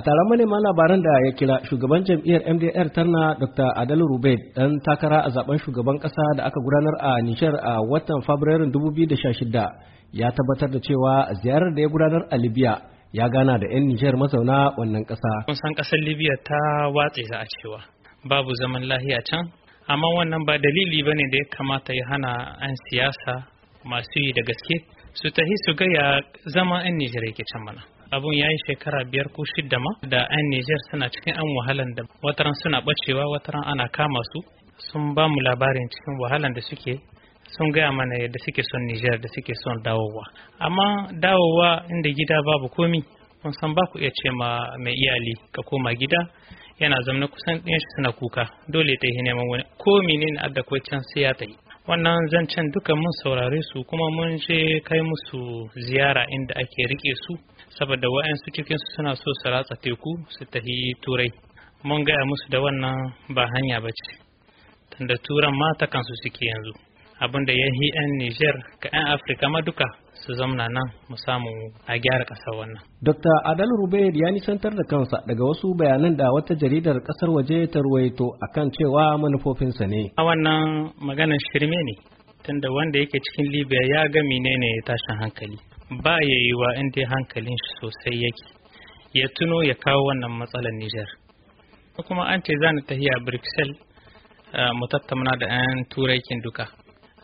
a taron manema labaran da ya kira shugaban jam'iyyar mdr tarna dr adalu rubaid dan takara a zaben shugaban kasa da aka gudanar a nishar a watan fabrairun 2016 ya tabbatar da cewa ziyarar da ya gudanar a libya ya gana da 'yan nijar mazauna wannan kasa kun san kasar libya ta watse za a cewa babu zaman lahiya can amma wannan ba dalili ba ne da ya kamata ya hana an siyasa masu yi da gaske su tahi su gaya zama 'yan nijar yake can mana abun ya yi shekara biyar ko shidda ma da 'yan Nijar suna cikin an wahalan da wataran suna bacewa wataran ana kama su sun ba mu labarin cikin wahalan da suke sun gaya mana yadda suke son Nijar da suke son dawowa amma dawowa inda gida babu komi kun san ba ku iya ce ma mai iyali ka koma gida yana zama kusan ɗin suna kuka dole ta yi neman wani ko na adda ya ta wannan zancen duka mun saurare su kuma mun je kai musu ziyara inda ake rike su saboda wa'yansu su suna so su ratsa teku su tafi turai mun gaya musu da wannan ba hanya ba ce tunda turan ma ta kansu suke yanzu abin da ya yi 'yan Nijar ka 'yan Afirka ma duka su zamna nan mu samu a gyara ƙasar wannan. Dr. Adal Rubeir ya nisantar da kansa daga wasu bayanan da wata jaridar ƙasar waje ta ruwaito a kan cewa manufofinsa ne. A wannan maganar shirme ne tunda wanda yake cikin Libya ya ga menene tashin hankali. Ba ya yi wa dai hankalin shi sosai yake. Ya tuno ya kawo wannan matsalar Nijar. Kuma an ce za ni tahiya Brussels eh, mu tattauna da 'yan turai duka.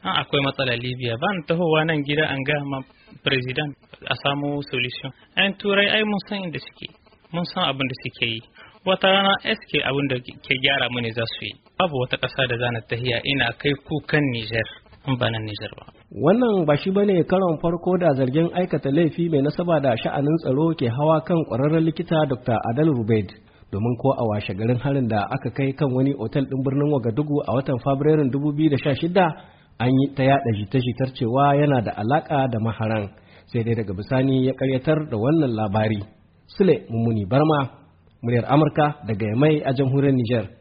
an ah, akwai matsala libya ban tahowa nan gida an ga ma president a samu solution an turai ai mun san inda suke mun san abin da suke yi wata rana sk abin da ke gyara mu ne za su yi babu wata ƙasa da zana hiya ina kai kukan niger in ba nan niger ba wannan ba shi bane karon farko da zargin aikata laifi mai nasaba da sha'anin tsaro ke hawa kan kwararren likita dr adal rubaid domin ko a washe garin harin da aka kai kan wani otal din birnin wagadugu a watan fabrairun 2016 an yi ta yada jita-jitar cewa yana da alaka da maharan sai dai daga bisani ya karyatar da wannan labari sule mummuni barma muryar amurka daga yamai a jamhuriyar niger